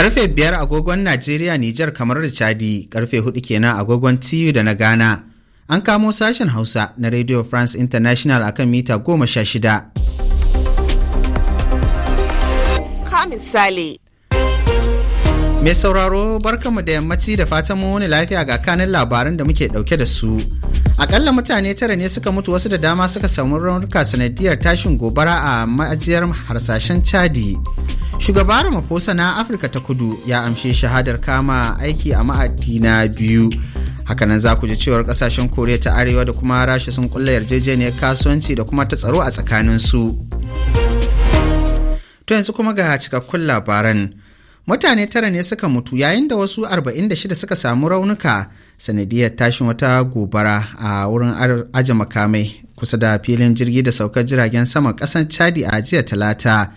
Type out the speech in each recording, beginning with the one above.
Karfe biyar agogon Najeriya Nijar kamar da Chadi, karfe hudu kenan agogon TU da na Ghana. An kamo sashen Hausa na Radio France International akan mita goma sha shida. Mai sauraro barkanmu da yammaci da fatan mu wani lafiya ga kanin labaran da muke dauke da su. Akalla mutane tara ne suka mutu wasu da dama suka samu raunuka sanadiyar tashin gobara a ma'ajiyar harsashen Chadi. shugaba ramaphosa na afirka ta kudu ya amshe shahadar kama aiki a ma'adina biyu hakanan za ku ji cewar kasashen koriya ta arewa da kuma rasha sun kulla yarjejeniyar kasuwanci da kuma ta tsaro a tsakanin su to yanzu kuma ga cikakkun labaran mutane tara ne suka mutu yayin da wasu 46 suka samu raunuka sanadiyar tashin wata gobara a wurin aje makamai kusa da filin jirgi da saukar jiragen saman kasan chadi a jiya talata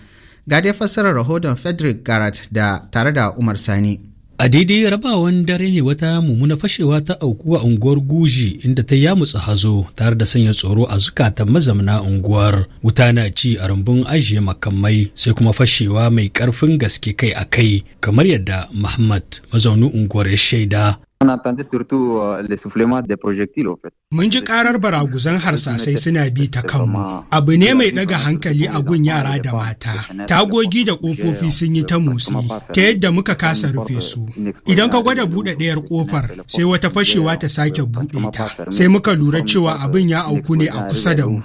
ga dai fassarar rahoton frederick garrett da tare da umar sani A daidai rabawan dare ne wata mummuna fashewa ta aukuwa unguwar Guji inda ta yamutsa hazo tare da sanya tsoro a zukatan mazamna unguwar. Wuta na ci a rumbun ajiye makamai sai kuma fashewa mai karfin gaske kai a kai kamar yadda Muhammad mazaunin unguwar ya shaida. on tante surtout les soufflements des projectiles au fait. Mun ji karar baraguzan harsasai suna bi ta kanmu. Abu ne mai daga hankali a gun yara da mata. Tagogi da kofofi sun yi ta motsi ta yadda muka kasa rufe su. Idan ka gwada buɗe ɗayar ƙofar, sai wata fashewa ta sake buɗe ta. Sai muka lura cewa abin ya auku ne a kusa da mu.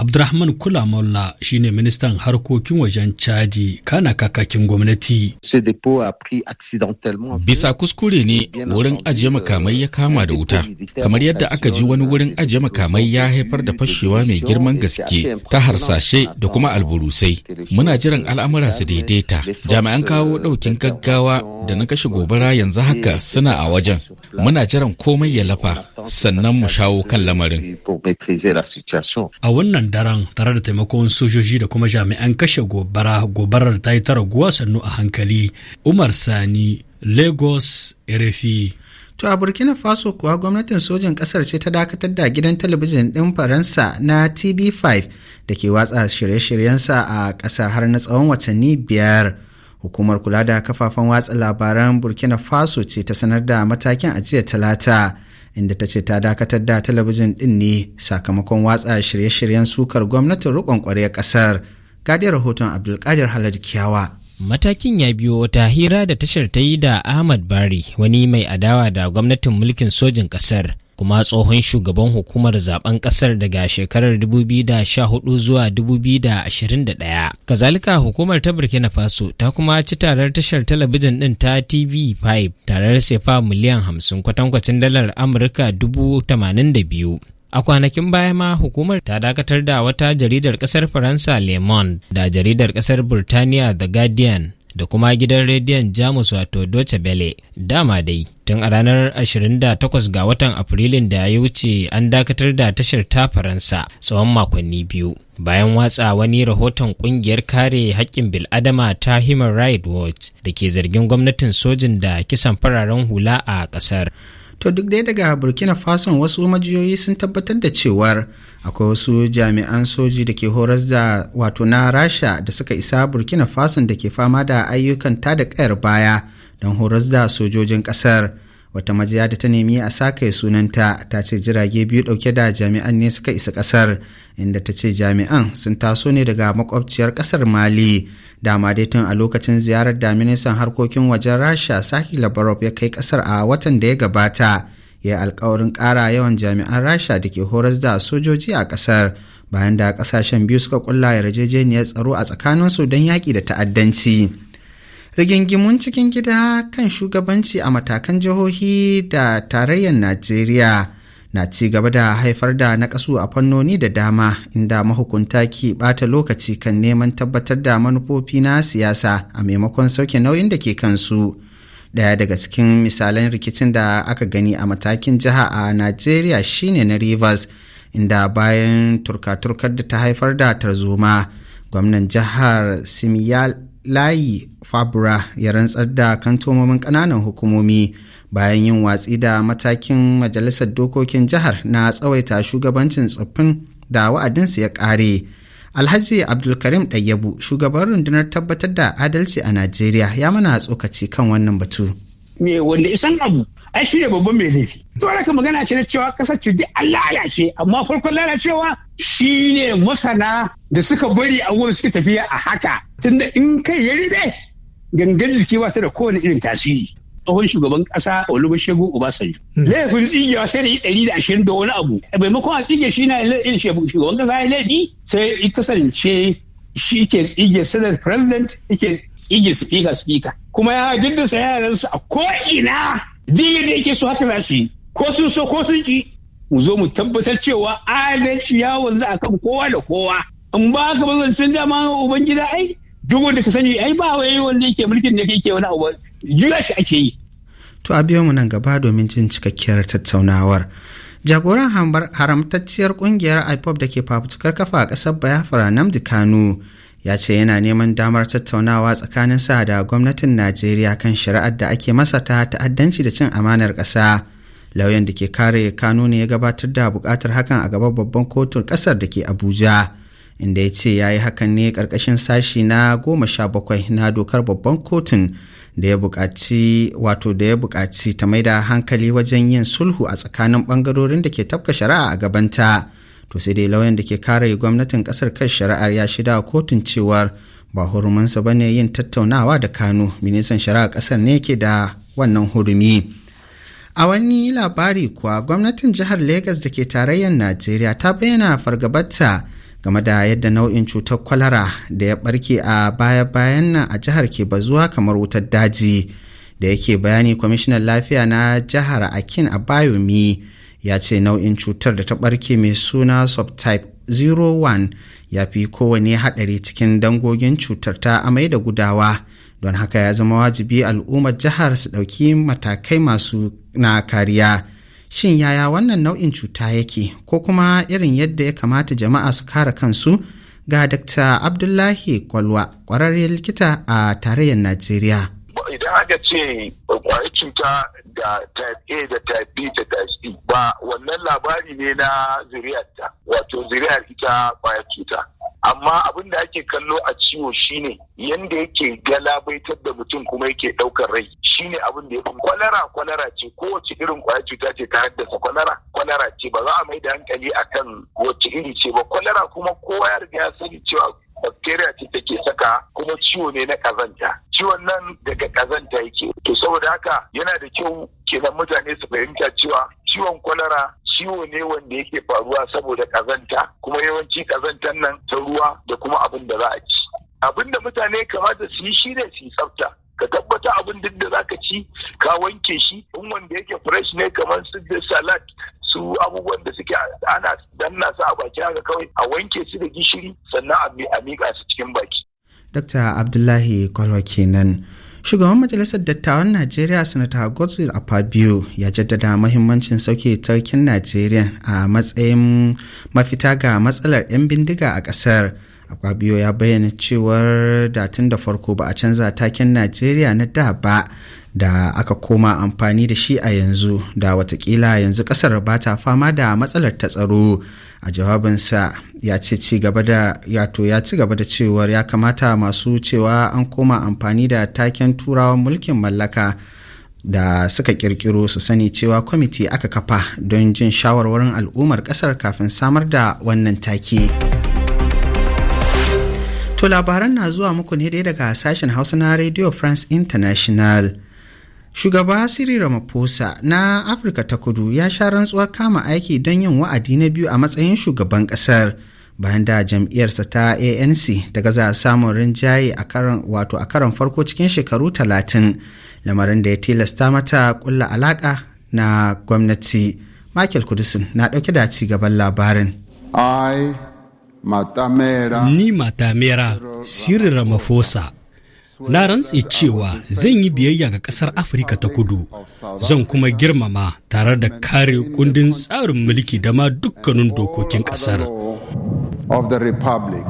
Abdurrahman Kula shi shine ministan harkokin wajen Chadi kana kakakin gwamnati. Bisa kuskure ne wurin ajiye makamai ya kama da wuta, kamar yadda aka ji wani wurin ajiye makamai ya haifar da fashewa mai girman gaske ta harsashe da kuma alburusai. Muna jiran al'amura su daidaita. Jami'an kawo euh, ɗaukin gaggawa da na kashe gobara yanzu haka suna a wajen. Muna jiran komai ya lafa sannan mu shawo kan lamarin. A wannan daren tare da taimakon sojoji da kuma jami'an kashe gobara gobarar ta yi ta raguwa sannu a hankali umar sani lagos rfi To a Burkina Faso kuwa gwamnatin sojin ƙasar ce ta dakatar da gidan talabijin ɗin Faransa na TV5 da ke watsa shirye-shiryensa a ƙasar har na tsawon watanni biyar. Hukumar kula da kafafen watsa labaran Burkina Faso ce ta sanar da matakin a jiya talata. inda ta ce ta dakatar da talabijin ɗin ne sakamakon watsa shirye-shiryen sukar gwamnatin riƙon ƙwarya ƙasar gadiyar rahoton abdulkadir halad kiyawa Matakin ya biyo wata hira da tashar ta yi da Ahmad Bari wani mai adawa da gwamnatin mulkin sojin ƙasar kuma tsohon shugaban hukumar zaben kasar daga shekarar 2014 zuwa 2021 kazalika hukumar ta burkina faso ta kuma ci tarar tashar talabijin din ta tv5 tarar sefa miliyan 50 kwatankwacin dalar amurka 82 A kwanakin baya ma hukumar ta dakatar da wata jaridar kasar Faransa Le Monde da jaridar kasar Burtaniya The Guardian da kuma gidan rediyon jamus wato doce bele dama dai tun a ranar 28 ga watan afrilun da ya wuce an dakatar da tashar ta faransa tsawon makonni biyu bayan watsa wani rahoton kungiyar kare haƙƙin bil'adama ta human rights watch da ke zargin gwamnatin sojin da kisan fararen hula a ƙasar to duk dai daga burkina faso wasu majiyoyi sun tabbatar da cewar akwai wasu jami'an soji da ke horas da wato na rasha da suka isa burkina faso da ke fama da ayyukan ta da kayar baya don horas da sojojin kasar wata majiya da ta nemi a saka sunanta ta ce jirage biyu dauke da jami'an ne suka isa kasar inda ta ce jami'an sun taso ne daga makwabciyar kasar mali dama dai tun a lokacin ziyarar da ministan harkokin wajen rasha saki labarov ya kai kasar a watan da ya gabata ya alkawarin kara yawan jami'an rasha da ke horas da sojoji a kasar bayan da kasashen biyu suka kulla yarjejeniyar tsaro a tsakaninsu don yaƙi da ta'addanci. rigingimun cikin gida kan shugabanci a matakan jihohi da tarayyar najeriya na ci gaba da haifar da nakasu a fannoni da dama inda mahukunta ke bata lokaci kan neman tabbatar da manufofi na siyasa a maimakon sauke nauyin da ke kansu daya daga cikin misalan rikicin da aka gani a matakin jiha a najeriya shine na rivers inda bayan turka-turkar da ta haifar da tarzoma gwamnan jihar simiyal layi fabra ya rantsar da kantomomin ƙananan hukumomi bayan yin watsi da matakin majalisar dokokin jihar na tsawaita shugabancin tsoffin da wa'adinsu ya ƙare alhaji abdulkarim ɗayyabu shugaban rundunar tabbatar da adalci a najeriya ya mana tsokaci kan wannan batu me wanda isan abu ai shi ne babban mai fi tsohon ka magana ce na cewa kasar cuji ya ce. amma farkon lalacewa shi ne masana da suka bari a wurin suka tafiya a haka tunda in kai ya ribe gangan jiki ba ta da kowane irin tasiri tsohon shugaban kasa Uba Obasanjo. Hmm. Laifin tsigewa sai da yi ɗari da ashirin da wani abu. Maimakon a tsige shi na shugaban kasa ya laifi sai ya kasance shi ke tsige senate president yake tsige speaker speaker kuma ya gindinsa yaransu a ko'ina Jiya da yake so haka za su yi ko sun so ko sun ki mu zo mu tabbatar cewa adalci ya wanzu a kan kowa da kowa in ba ka ba zancen dama ubangida ai duk wanda ka sani ai ba wai wanda yake mulkin da kake wani abu jira shi ake yi to a biyo mu nan gaba domin jin cikakkiyar tattaunawar jagoran haramtacciyar kungiyar ipop da ke fafutukar kafa a ƙasar biafra namdi kanu ya ce yana neman damar tattaunawa tsakanin tsakaninsa da gwamnatin najeriya kan shari'ar da ake masa ta ta'addanci da cin amanar ƙasa lauyan da ke kare kano ne ya gabatar da buƙatar hakan a gaban babban kotun ƙasar da ke abuja inda ya ce ya yi hakan ne ƙarƙashin sashi na goma sha bakwai na dokar babban kotun da ya buƙaci wato da ya buƙaci ta maida hankali wajen yin sulhu a tsakanin ɓangarorin da ke tafka shari'a a gabanta. to sai dai lauyan da ke kare gwamnatin kasar kai shari'ar ya shida kotun cewar ba hurumansa ba ne yin tattaunawa da kano ministan shari'a kasar ne ke da wannan hurumi a wani labari kuwa gwamnatin jihar Legas da ke tarayyar najeriya ta bayyana fargabarta game da yadda nau'in cutar kwalara da ya barke a baya-bayan nan a jihar ke bazuwa kamar wutar daji da yake bayani kwamishinan lafiya na jihar akin a bayomi ya ce nau'in cutar da ta ɓarke mai suna subtype 01 ya fi kowane haɗari cikin dangogin cutar ta amai da gudawa don haka ya zama wajibi al'ummar jihar su ɗauki matakai masu na kariya shin yaya wannan nau'in cuta yake ko kuma irin yadda ya kamata jama'a su kare kansu ga dr abdullahi kwalwa kwararren likita a tarayyar najeriya idan aka ce kwayar cuta da type A da type B da type C ba wannan labari ne na zuriyarta wato zuriyar ita kwayar cuta amma abin da ake kallo a ciwo shine yanda yake galabaitar da mutum kuma yake daukar rai shine abin da ya fi kwalara kwalara ce kowace irin kwayar cuta ce ta haddasa kwalara kwalara ce ba za a mai da hankali akan wace iri ce ba kwalara kuma kowa ya riga ya sani cewa bacteria ce take saka kuma ciwo ne na kazanta ciwon nan daga kazanta yake to saboda haka yana da kyau kenan mutane su fahimta cewa ciwon kwalara ciwo ne wanda yake faruwa saboda kazanta kuma yawanci kazantan nan ta ruwa da kuma abin da za a ci abin da mutane kamata su yi shi ne su yi tsafta ka tabbata abin duk da zaka ci ka wanke shi in wanda yake fresh ne kamar su salad su abubuwan da suke ana danna su a baki haka kawai a wanke su da gishiri sannan a miƙa su cikin baki. Dr. Abdullahi Kwalwa kenan. Shugaban Majalisar Dattawan Najeriya Sanata Godwin Apabio ya jaddada mahimmancin sauke tarkin Najeriya a matsayin mafita ga matsalar 'yan bindiga a ƙasar. Apabio ya bayyana cewar datin da farko ba a canza taken Najeriya na da ba da aka koma amfani da shi a yanzu da watakila yanzu kasar ba ta fama da matsalar ta tsaro a jawabinsa ya ce ci gaba da yato ya ci gaba da cewar ya kamata masu cewa an koma amfani da taken turawan mulkin mallaka da suka kirkiro su sani cewa kwamiti aka kafa don jin shawarwarin al'ummar kasar kafin samar da wannan take. To labaran na zuwa muku ne daga sashen Hausa na Radio France International. Shugaba Siri Ramaphosa na Afirka ta Kudu ya sha rantsuwar kama aiki don yin wa'adi na biyu a matsayin shugaban ƙasar bayan da jam'iyyarsa ta ANC daga za samun rinjaye a karan wato a karan farko cikin shekaru talatin lamarin da ya tilasta mata kulla alaƙa na gwamnati. Michael Kudusin na dauke da ci gaban labarin. Ni Matamera, Siri Ramaphosa, na rantse cewa zan yi biyayya ga ƙasar afirka ta kudu zan kuma girmama tare da kare kundin tsarin mulki da ma dukkanin dokokin ƙasar sirri the republic.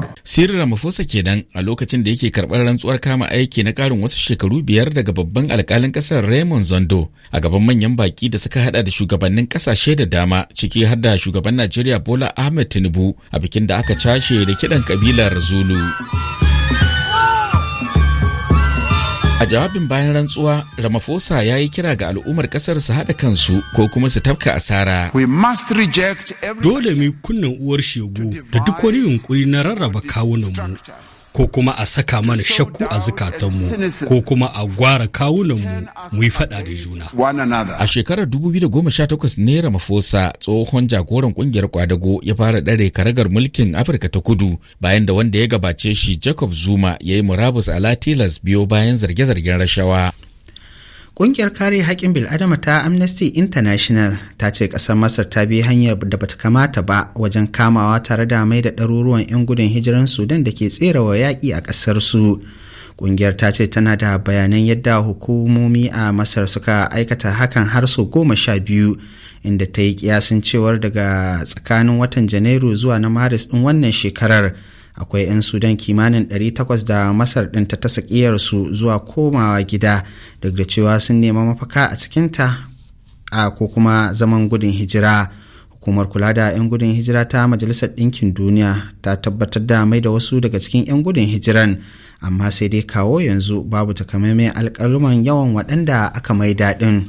Ramaphosa kenan a lokacin da yake karɓar rantsuwar kama aiki na ƙarin wasu shekaru biyar daga babban alkalin ƙasar Raymond Zondo a gaban manyan baƙi da suka hada da shugabannin ƙasashe da dama ciki har da shugaban Najeriya Bola Ahmed Tinubu a bikin da aka cashe da kiɗan ƙabilar Zulu. A jawabin bayan rantsuwa, Ramaphosa ya yi kira ga al'ummar kasar su haɗa kansu ko kuma su tafka asara. Dole mu kunnen uwar shegu da duk wani yunkuri na rarraba kawunanmu. ko kuma a saka mana shakku a zukatanmu ko kuma a gwara kawunanmu mu yi faɗa da juna. A shekarar 2018 naira Ramaphosa tsohon jagoran kungiyar kwadago ya fara ɗare karagar mulkin Afirka ta kudu bayan da wanda ya gabace shi Jacob Zuma ya yi murabus a Latilas biyo bayan zarge-zargen rashawa. Ƙungiyar kare haƙƙin bil'adama ta Amnesty International ta ce ƙasar Masar ta bi hanyar da bata kamata ba wajen kamawa tare da mai da ɗaruruwan 'yan gudun hijiran Sudan da ke wa yaƙi a ƙasar su. Ƙungiyar ta ce tana da bayanan yadda hukumomi a Masar suka aikata hakan har sau goma sha biyu inda ta yi kiyasin cewar daga tsakanin watan Janairu zuwa na Maris ɗin wannan shekarar. akwai 'yan sudan kimanin 800 da masar ɗin ta tasa su zuwa komawa gida duk da cewa sun nema mafaka a cikinta a ko kuma zaman gudun hijira hukumar kula da 'yan gudun hijira ta majalisar ɗinkin duniya ta tabbatar da mai da wasu daga cikin 'yan gudun hijiran amma sai dai kawo yanzu babu takamaiman alƙaluman yawan waɗanda aka mai daɗin.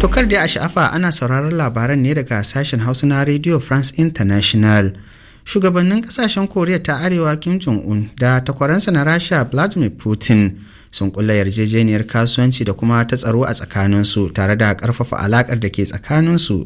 Tokar da a sha'afa ana sauraron labaran ne daga sashen Hausa na Radio France International. Shugabannin kasashen Koriya ta Arewa Kim Jong-un da takwaransa na Rasha Vladimir Putin sun kulla yarjejeniyar kasuwanci da kuma ta tsaro a tsakaninsu tare da karfafa alaƙar da ke tsakaninsu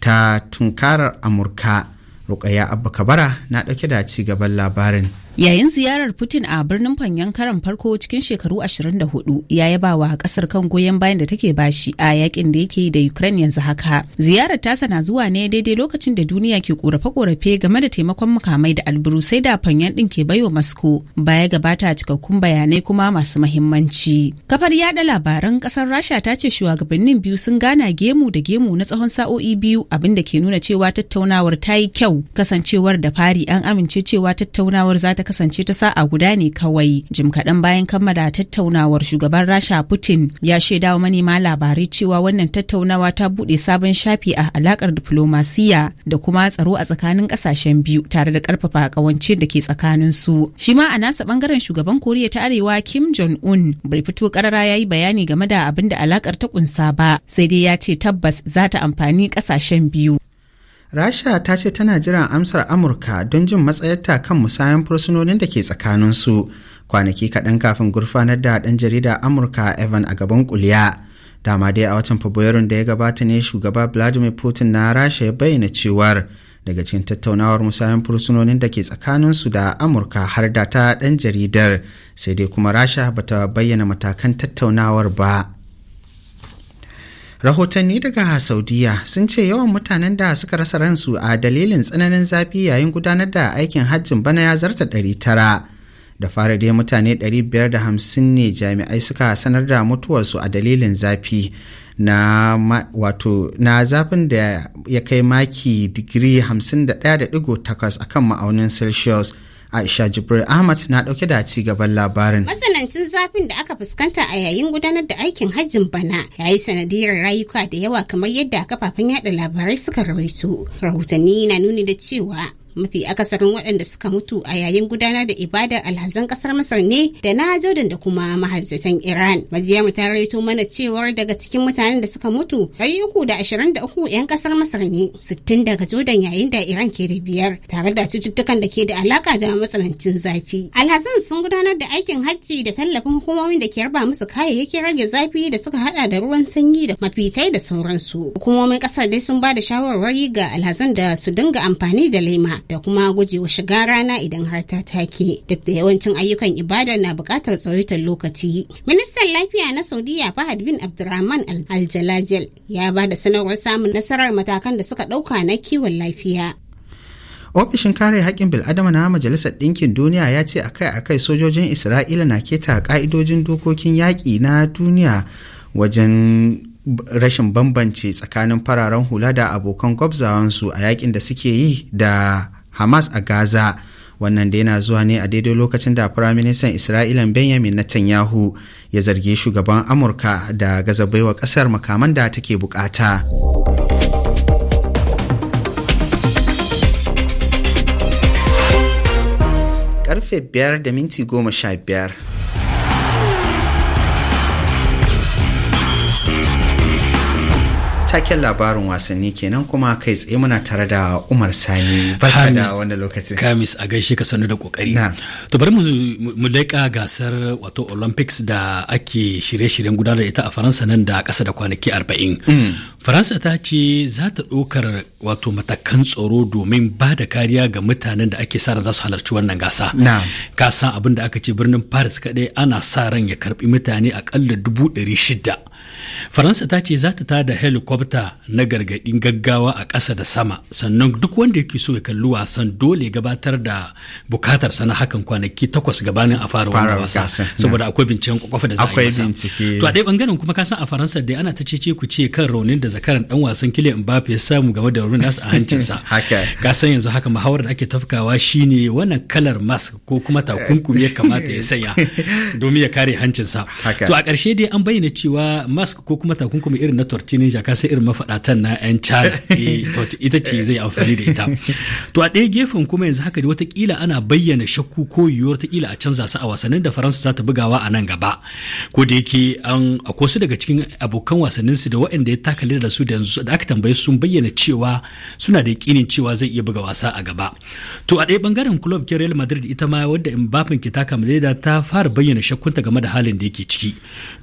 ta tunkarar Amurka. Rukaya Abba Kabara na ɗauke da ci gaban labarin. Yayin ziyarar Putin a birnin Fanyan karan farko cikin shekaru 24 ya yaba wa kasar kan goyon bayan da take bashi a yakin da yake da Ukraine yanzu haka. Ziyarar tasa na zuwa ne daidai lokacin da duniya ke korafe-korafe game da taimakon makamai da alburusai da Fanyan din ke baiwa Moscow baya gabata cikakkun bayanai kuma masu mahimmanci. Kafar yada labaran kasar Rasha ta ce shugabannin biyu sun gana gemu da gemu na tsawon sa'o'i biyu abinda ke nuna cewa tattaunawar ta yi kyau kasancewar da fari an amince cewa tattaunawar za ta ta kasance ta sa'a guda ne kawai jim kaɗan bayan kammala tattaunawar shugaban rasha putin ya shaidawa manema labarai cewa wannan tattaunawa ta buɗe sabon shafi a alakar diplomasiya da kuma tsaro a tsakanin ƙasashen biyu tare da ƙarfafa ƙawance da ke tsakanin su shi ma a nasa ɓangaren shugaban koriya ta arewa kim jong un bai fito ƙarara ya yi bayani game da abin da alakar ta ƙunsa ba sai dai ya ce tabbas za ta amfani ƙasashen biyu rasha ta ce tana jiran amsar amurka don jin matsayarta kan musayan fursunonin da ke tsakaninsu kwanaki kaɗan kafin gurfanar da ɗan jarida amurka evan a gaban kuliya dama dai a watan fabrairun da ya gabata ne shugaba vladimir putin na rasha ya bayyana cewar daga cikin tattaunawar musayan fursunonin da ke tsakaninsu da amurka har da ta ɗan jaridar sai dai kuma rasha bata bayyana matakan tattaunawar ba rahotanni daga saudiya sun ce yawan mutanen da suka rasa ransu a dalilin tsananin zafi yayin gudanar da aikin hajjin bana ya zarta 900 da fara dai mutane 550 ne jami'ai suka sanar da mutuwarsu a dalilin zafi na wato na zafin da ya kai maki digiri a kan ma'aunin celsius Aisha Jibril Ahmad na ɗauke da ci gaban labarin. Matsanancin zafin da aka fuskanta a yayin gudanar da aikin hajjin bana ya yi sanadiyar rayuka da yawa kamar yadda kafafen yada labarai suka rawaito. Rahotanni na nuni da cewa mafi akasarin waɗanda suka mutu a yayin gudanar da ibadar alhazan ƙasar masar ne da na jordan da kuma mahajjatan iran mu ta raito mana cewar daga cikin mutanen da suka mutu ɗari uku da ashirin da uku 'yan ƙasar masar ne sittin daga jordan yayin da iran ke da biyar tare da cututtukan da ke da alaka da matsanancin zafi alhazan sun gudanar da aikin hajji da tallafin hukumomin da ke raba musu kayayyakin rage zafi da suka haɗa da ruwan sanyi da mafitai da sauransu hukumomin ƙasar dai sun ba da shawarwari ga alhazan da su dinga amfani da laima da kuma wa shiga rana idan har ta take duk da yawancin ayyukan ibada na bukatar tsawaitar lokaci ministan lafiya na saudiya fahad bin abdurrahman aljalajal ya ba da sanarwar samun nasarar matakan da suka dauka na kiwon lafiya ofishin kare haƙƙin bil'adama na majalisar ɗinkin duniya ya ce akai-akai sojojin isra'ila na keta ƙa'idojin dokokin yaƙi na duniya wajen rashin bambance tsakanin fararen hula da abokan gwabzawansu a yakin da suke yi da hamas a gaza wannan da yana zuwa ne a daidai lokacin da firaministan isra'ila benjamin netanyahu ya zargi shugaban amurka da gaza baiwa kasar makaman da take bukata karfe 5 da minti 15. taken labarin wasanni kenan kuma kai tsaye muna tare da Umar Sani barka da wannan lokacin. Kamis a gaishe ka sanu da kokari. To bari mu leƙa gasar wato Olympics da ake shirye-shiryen gudanar da ita a Faransa nan da kasa da kwanaki 40. Mm. Faransa ta ce za ta ɗaukar wato matakan tsaro domin ba da kariya ga mutanen da ake sa ran za su halarci wannan gasa. Ka san abin da aka ce birnin Paris kaɗai ana sa ran ya karɓi mutane aƙalla dubu ɗari shida. faransa ta ce za ta da helikwabta na gargaɗin gaggawa a ƙasa da sama sannan duk wanda yake so ya kalli wasan dole gabatar da bukatar sana hakan kwanaki takwas gabanin a fara wani wasa saboda akwai binciken kwakwafa da za a yi to a ɗaya bangaren kuma kasan a faransa dai ana ta ce ku ce kan raunin da zakaran dan wasan kile mbappe ya samu game da raunin nasa a hancinsa kasan yanzu haka muhawar da ake tafkawa shine wannan kalar mask ko kuma takunkumi ya kamata ya sanya domin ya kare hancinsa to a ƙarshe dai an bayyana cewa mask ko ko kuma takunkumi irin na tortinin jaka sai irin mafaɗatan na 'yan chad eh, ita ce zai amfani da ita to a ɗaya gefen kuma yanzu haka watakila ana bayyana shakku ko yiwuwar kila a canza su a wasannin da faransa za ta bugawa a nan gaba ko da yake an akwai su daga cikin abokan wasannin su da waɗanda ya taka da su da yanzu da aka tambaye sun bayyana cewa suna da yakinin cewa zai iya buga wasa a gaba to a ɗaya bangaren club ke real madrid ita ma wadda mbappe ke taka da ta fara bayyana shakkunta game da halin da yake ciki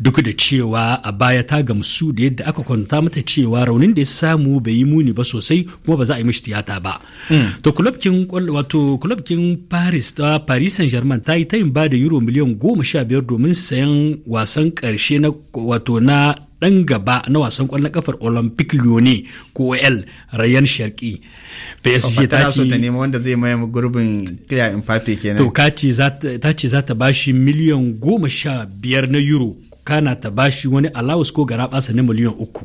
duk da cewa a baya ta gamsu da yadda aka kwanta mata cewa raunin da ya samu bai yi muni ba sosai kuma ba za a yi mishi tiyata ba hmm. to kulabkin wato kulabkin paris ta paris saint germain ta yi tayin ba da euro miliyan goma sha biyar domin sayan wasan karshe na wato na dan gaba na wasan kwallon kafar olympic lyonnais ko ol rayan sharki psg ta ce ta nemi wanda zai maye gurbin kylian mbappe kenan to ta ce za ta bashi miliyan goma sha biyar na euro kana ta bashi wani alawus ko gara basa na miliyan uku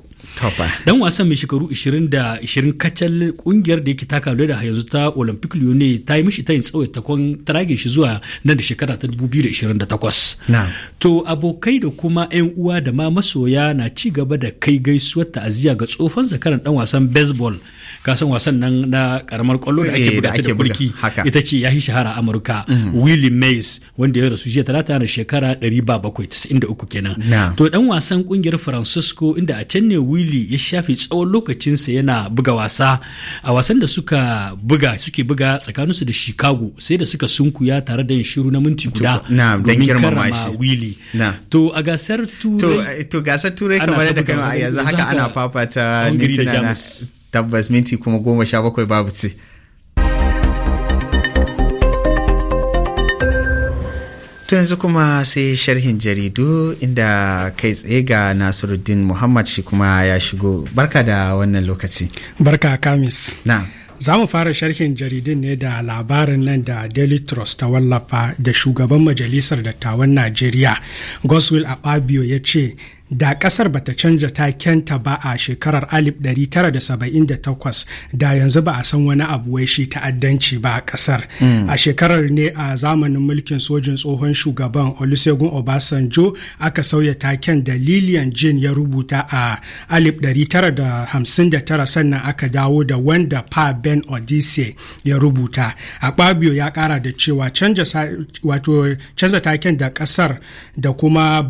dan wasan mai shekaru 20 kacal kungiyar da yake taka da yanzu ta olympic ne ta yi mishi tayin tsawai takwan tragin shi zuwa nan da shekara ta 2028 to abokai da kuma yan uwa da ma masoya na ci gaba da kai gaisuwar ta'aziyya ga tsofan zakaran dan wasan baseball kasan wasan nan na karamar kwallo da ake eh, buga da kulki ita ce ya yi shahara Amurka mm. Willie Mays wanda ya rasu jiya talata na shekara 1793 kenan to dan wasan kungiyar Francisco inda a can ne Willie ya shafe tsawon lokacinsa yana buga wasa a wasan da suka buga suke buga tsakaninsu da Chicago sai da suka sunkuya tare da shiru na minti guda domin karama Willie to a gasar turai to gasar turai kamar da a yanzu haka ana fafata mintuna tabbas minti kuma goma sha bakwai babu ce. To yanzu kuma sai sharhin jaridu inda kai tsaye ga Nasiruddin Muhammad shi kuma ya shigo. Barka da wannan lokaci. Barka Kamis. Na. Za mu fara sharhin jaridun ne da labarin nan da Daily Trust ta wallafa da shugaban majalisar dattawan Najeriya Goswill Akpabio ya ce da kasar bata canja takenta ba a shekarar 1978 da yanzu ba a san wani abu wai shi ta'addanci ba a kasar hmm. a shekarar ne a zamanin mulkin sojin tsohon shugaban olusegun obasanjo aka sauya taken da lilian jin ya rubuta a 1959 sannan aka dawo da wanda pa ben odise ya rubuta a akpabio ya kara da cewa canza taken da kasar da kuma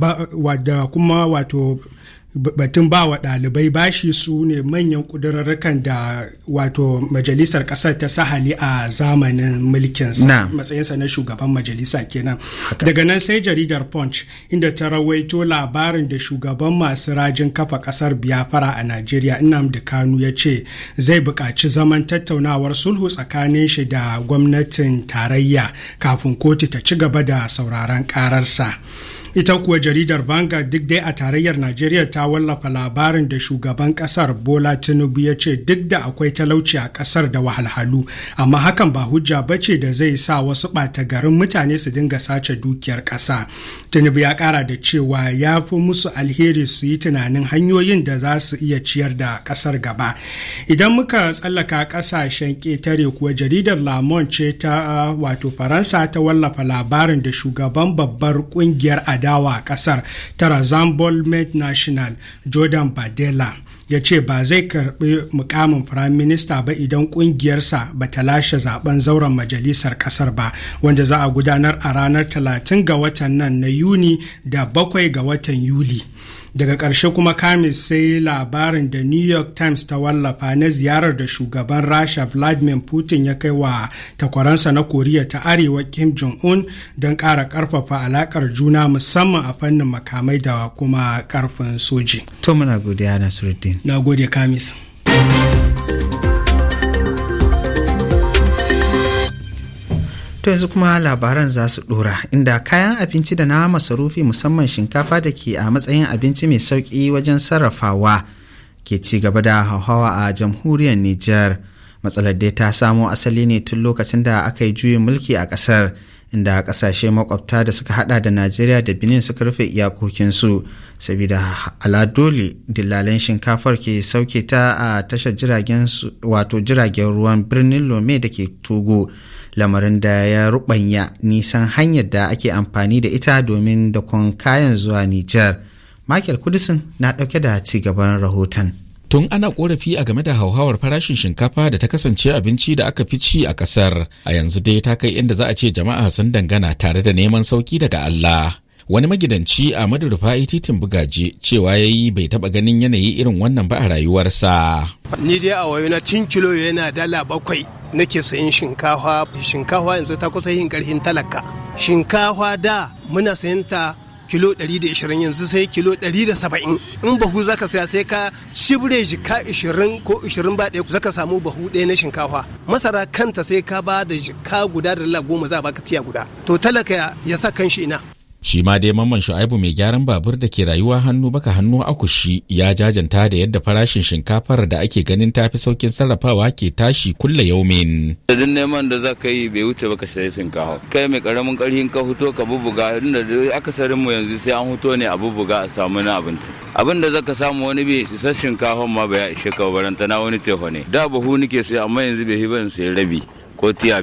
wa wato batun ba wa ɗalibai bashi su ne manyan ƙudurarrukan da wato majalisar ƙasar ta sahali a zamanin mulkin matsayinsa na shugaban majalisa kenan daga nan sai jaridar punch inda ta rawaito labarin da shugaban masu rajin kafa ƙasar biyafara a najeriya nnamdi kanu ya ce zai buƙaci zaman tattaunawar sulhu tsakanin shi da gwamnatin tarayya kafin kotu ta ci gaba da sauraron ƙararsa. ita kuwa jaridar vanguard duk dai a tarayyar najeriya ta wallafa labarin da shugaban kasar bola tinubu ya ce duk da akwai talauci a kasar da wahalhalu amma hakan ba hujja ba ce da zai sa wasu ɓata garin mutane su dinga sace dukiyar ƙasa tinubu ya ƙara da cewa ya fi musu alheri su yi tunanin hanyoyin da za su iya ciyar da ƙasar gaba idan muka tsallaka ƙasashen ƙetare kuwa jaridar lamon ce ta wato faransa ta wallafa labarin da shugaban babbar ƙungiyar adamu adawa a kasar ta zambol med national jordan badela ya ce ba zai karbi mukamin firayim minista ba idan kungiyarsa ba ta lashe zaben zauren majalisar kasar ba wanda za a gudanar a ranar 30 ga watan nan na yuni da 7 ga watan yuli daga ƙarshe kuma kamis sai labarin da new york times ta wallafa na ziyarar da shugaban rasha vladimir putin ya kai wa takwaransa na koriya ta arewa kim jong-un don ƙara ƙarfafa alaƙar juna musamman a fannin makamai da kuma ƙarfin soji. to muna godiya nasiruddin na gode kamis. To yanzu kuma labaran za su dora inda kayan abinci da na masarufi musamman shinkafa da ke a matsayin abinci mai sauƙi wajen sarrafawa ke ci gaba da hauhawa a jamhuriyar Nijar. Matsalar dai ta samo asali ne tun lokacin da aka yi juyin mulki a ƙasar inda ƙasashe makwabta da suka hada da Najeriya da Benin suka rufe iyakokinsu saboda aladoli dillalan shinkafar ke sauke ta a tashar jiragen wato jiragen ruwan birnin Lome da ke Togo. lamarin da ya rubanya nisan hanyar da ake amfani da ita domin dakon kayan zuwa Nijar. Michael Kudisin na ɗauke da ci gaban rahoton. tun ana korafi a game da hauhawar farashin shinkafa da ta kasance abinci da aka fi ci a kasar a yanzu dai ta kai inda za a ce jama'a sun dangana tare da neman sauki daga Allah wani magidanci a rufa'i titin bugaje cewa ya yi bai taba ganin yanayi irin wannan ba a rayuwarsa ni dai a wayo na tin kilo yana dala bakwai nake sayin shinkafa shinkafa yanzu ta kusa yin karfin talaka shinkafa da muna sayin ta kilo 120 yanzu sai kilo 170 in bahu zaka saya sai ka cibre jika 20 ko 20 ba ɗaya zaka samu bahu ɗaya na shinkafa masara kanta sai ka ba da jika guda da dala goma za baka tiya guda to talaka ya sa kan shi ina shi ma dai mamman shu'aibu mai gyaran babur da ke rayuwa hannu baka hannu akushi ya jajanta da yadda farashin shinkafar da ake ganin tafi saukin sarrafawa ke tashi kulla yaumin da duk neman da za ka yi bai wuce baka sayi shinkafa kai mai karamin karhin ka huto ka bubuga inda akasarin mu yanzu sai an huto ne a bubuga a samu na abinci abin da zaka samu wani bai isa shinkafan ma bai ishe ka barantana wani tefa ne da buhu nike sai amma yanzu bai yi ban sai rabi ko tiya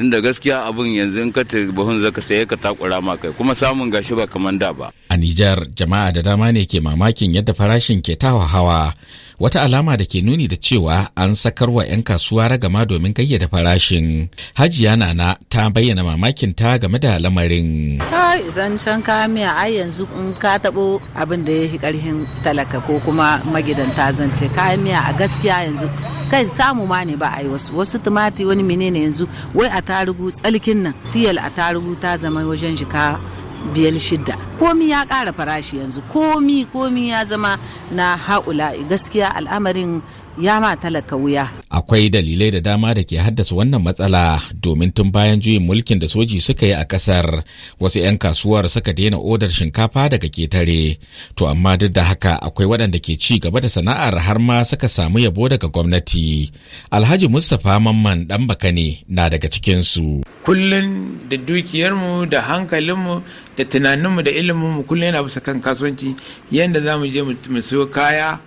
tunda gaskiya abin yanzu in ka buhun zaka sai ka takura ma kai kuma samun gashi ba kaman da ba a Nijar jama'a da dama ne ke mamakin yadda farashin ke ta hawa wata alama da ke nuni da cewa an sakar wa 'yan kasuwa ragama domin kayyada farashin hajiya nana ta bayyana mamakin ta game da lamarin kai zancen miya ai yanzu in ka tabo abin da ya fi karhin talaka ko kuma magidanta zance kamiya a gaskiya yanzu kai samu ma ne ba a yi wasu wasu tumati wani menene yanzu wai a atarugu tsalkin nan tiyal atarugu ta zama wajen jika biyar shidda komi ya ƙara farashi yanzu komi komi ya zama na haula gaskiya al'amarin ya ma talaka wuya. Akwai dalilai da dama da ke haddasa wannan matsala domin tun bayan juyin mulkin da soji suka yi a kasar wasu 'yan kasuwar suka daina odar shinkafa daga ketare. To amma duk da haka akwai waɗanda ke ci gaba da sana'ar har ma suka samu yabo daga gwamnati. Alhaji Mustapha Mamman ɗan baka ne na daga cikinsu. Kullum da dukiyarmu da hankalinmu da tunaninmu da iliminmu kullum yana bisa kan kasuwanci yadda za mu je mu siyo kaya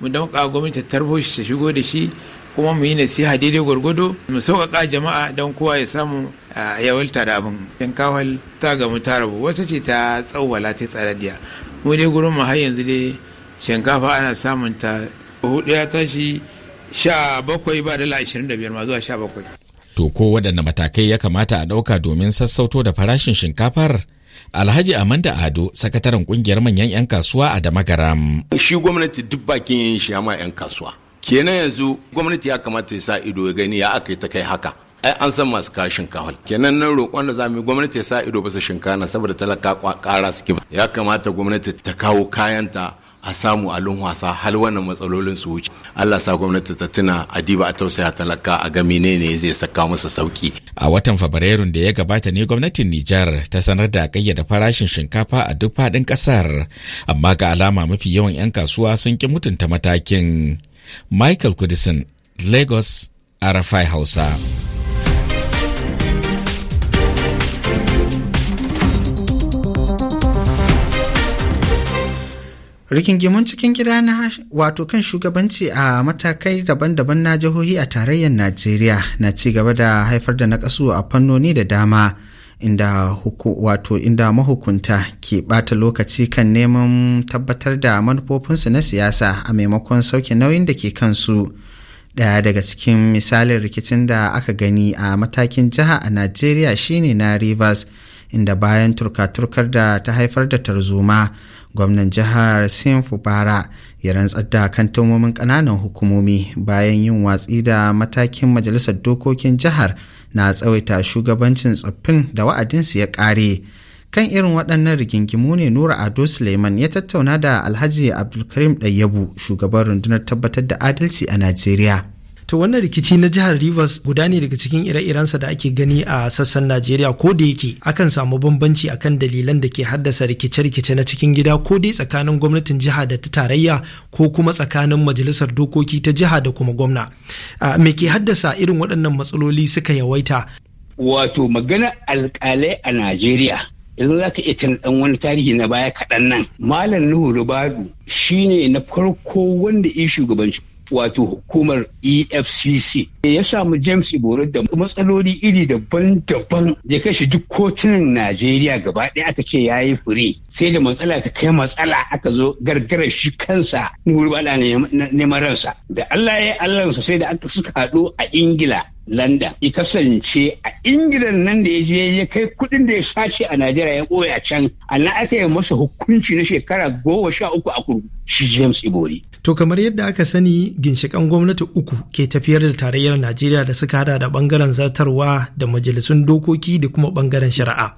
mu ɗauka gwamnati tarbo shi ta shigo da shi kuma mu yi nasiha daidai gwargwado mu sauƙaƙa jama'a don kowa ya samu yawalta da abin yan kawal ta gamu ta rabu wata ce ta tsawwala ta tsaradiya mu dai gurin mu har yanzu dai shinkafa ana samun ta hudu ya tashi sha bakwai ba dala ashirin da biyar ma zuwa sha bakwai. To ko waɗanne matakai ya kamata a ɗauka domin sassauto da farashin shinkafar? Alhaji Amanda Ado, sakataren kungiyar manyan 'yan kasuwa a Damagaram. Shi gwamnati duk bakin yin shi ma 'yan kasuwa. Kenan yanzu gwamnati ya kamata ya sa ido ya gani ya aka yi ta kai haka. ai an san masu kawo shinkafa kenan nan roƙon da zamu yi gwamnati ya sa ido su shinkafa saboda talaka ƙara suke ya kamata gwamnati ta kawo kayanta a samu a wasa hal wannan matsalolin su wuce Allah sa gwamnati ta tuna adiba a tausaya talaka a ga menene zai saka musu sauki a watan fabrairun da ya gabata ne gwamnatin Nijar ta sanar da kayyada farashin shinkafa a duk faɗin ƙasar amma ga alama mafi yawan 'yan kasuwa sun ki mutunta matakin Michael Kudisin Lagos Arafai Hausa. rikingimun cikin gida na wato kan shugabanci a matakai daban-daban na jihohi a tarayyar najeriya na ci gaba da haifar da nakasu a fannoni da dama inda huku, wato inda mahukunta ke bata lokaci kan neman tabbatar da manufofinsu na siyasa a maimakon sauke nauyin da ke kansu daya daga cikin misalin rikicin da aka gani a matakin jiha a najeriya shine na rivers inda bayan turka-turkar da ta haifar da tarzoma gwamnan jihar sin fubara ya rantsar da kan tumomin ƙananan hukumomi bayan yin watsi da matakin majalisar dokokin jihar na tsawaita shugabancin tsoffin da wa'adinsu ya ƙare kan irin waɗannan rigingimu ne nura ado suleiman ya tattauna da alhaji abdulkarim ɗayyabu shugaban rundunar tabbatar da adalci a najeriya To wannan rikici na jihar Rivers guda ne daga cikin ire-irensa da ake gani a sassan Najeriya ko da yake akan samu bambanci akan dalilan da ke haddasa rikice-rikice na cikin gida ko dai tsakanin gwamnatin jiha da ta tarayya ko kuma tsakanin majalisar dokoki ta jiha da kuma gwamna. Me ke haddasa irin waɗannan matsaloli suka yawaita? Wato magana alƙalai a Najeriya yanzu za ka iya cin dan wani tarihi na baya kaɗan nan malam nuhu rubadu shi ne na farko wanda ya shugabanci wato hukumar efcc Me ya samu james iboro da matsaloli iri daban-daban ya kashe duk kotunan najeriya gaba ɗaya aka ce ya yi fure sai da matsala ta kai matsala aka zo gargara shi kansa gurbala neman ransa da allah ya yi allansa sai da aka suka haɗu a ingila London. Ya kasance a Ingila nan da ya je ya kai kuɗin da ya sace a Najeriya ya ɓoye a can. Allah aka yi masa hukunci na shekara goma sha uku a kurkuku. Shi James Ibori. To kamar yadda aka sani ginshikan gwamnati uku ke tafiyar da tarayyar Najeriya da suka hada da ɓangaren zartarwa da majalisun dokoki da kuma ɓangaren shari'a.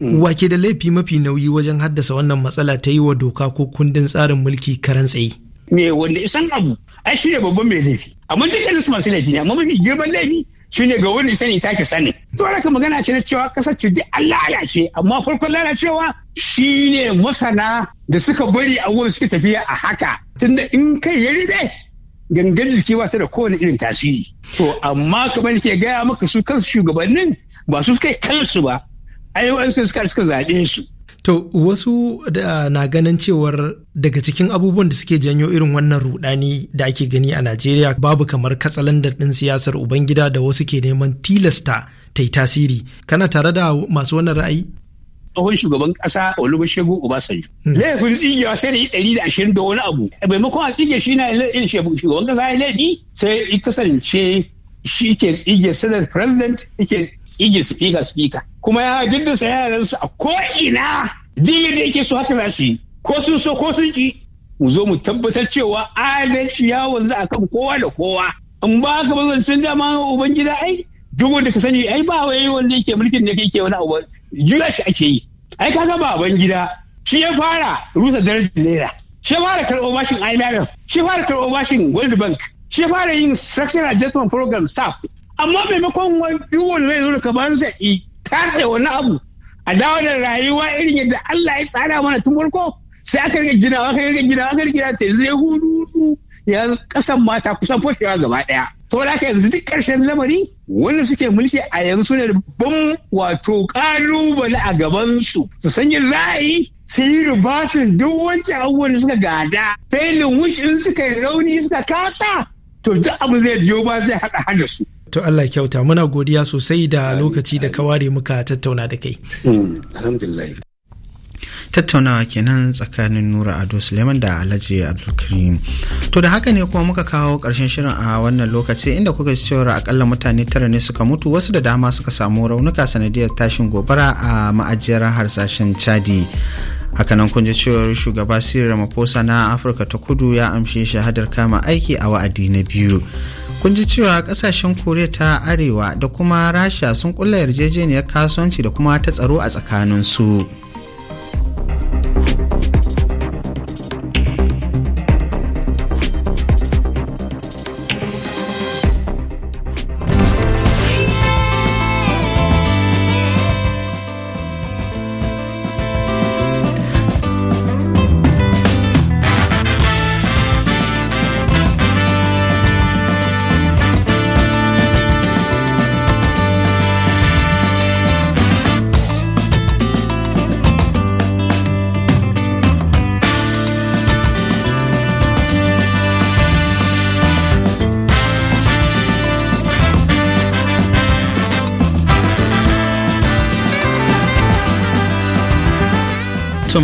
Mm. Wake da laifi mafi nauyi wajen haddasa wannan matsala ta yi wa doka ko kundin tsarin mulki karan tsaye. me wanda isan abu ai shi ne babban mai laifi amma dukkanin su masu laifi ne amma mafi girman laifi shi ne ga wani sani take sani to ka magana ce na cewa kasar ce duk an lalace amma farkon lalacewa shi ne masana da suka bari a wurin suka tafiya a haka tunda in kai ya ribe gangan jiki ba ta da kowane irin tasiri to amma kamar ke gaya maka su kansu shugabannin ba su kai kansu ba ai wani suka suka zaɓe su To wasu da na ganin cewar daga cikin abubuwan da suke janyo irin wannan rudani da ake gani a Najeriya babu kamar da ɗin siyasar Ubangida da wasu ke neman tilasta ta yi tasiri. Kana tare da masu wannan ra'ayi? tsohon shugaban kasa Olusegun Obasanjo. Hmm. Laifin tsigewa sai da yi ɗari da ashirin da wani abu. Maimakon a tsige shi na shugaban kasa ya laifi sai ya kasance shi ke tsige senate president yake tsige speaker speaker kuma ya duk da yaran su a ko'ina. ina da yake so haka za su yi ko sun so ko sun ki mu zo mu tabbatar cewa adalci ya wanzu a kan kowa da kowa in ba ka ba zancen dama ubangida ai duk wanda ka sani ai ba wai wanda yake mulkin da yake wani abu jira shi ake yi ai kaga baban gida shi ya fara rusa darajar naira shi ya fara karɓar bashin IMF shi ya fara karɓar bashin World Bank shi fara yin structural adjustment program sap amma maimakon duk wani zai zo da kamar zai wani abu a dawo da rayuwa irin yadda Allah ya tsara mana tun farko sai aka rike gina aka rike gina aka rike gina sai zai hudu ya kasan mata kusan fashewa gaba daya saboda haka yanzu duk karshen lamari wanda suke mulki a yanzu ne babban wato kalubale a gabansu. su su sanya ra'ayi su yi rubashin duk wancan abubuwan suka gada Felin wish in suka rauni suka kasa to duk abu zai biyo ba zai haɗa hada su. To Allah kyauta muna godiya sosai da lokaci da ka ware muka tattauna da kai. Hmm, alhamdulillah. tattaunawa kenan tsakanin nura ado suleiman da alhaji abdulkarim to da haka ne kuma muka kawo karshen shirin a wannan lokaci inda kuka ji cewa akalla mutane tara ne suka mutu wasu da dama suka samu raunuka sanadiyar tashin gobara a ma'ajiyar harsashen chadi hakanan kun ji cewar shugaba sirri ramaphosa na afirka ta kudu ya amshi shahadar kama aiki a wa'adi na biyu kun ji cewa kasashen koriya ta arewa da kuma rasha sun kulla yarjejeniyar kasuwanci da kuma ta tsaro a tsakaninsu. su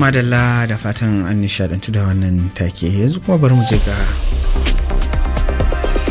madalla da fatan an nishadantu da wannan take yanzu kuma bari mu je ga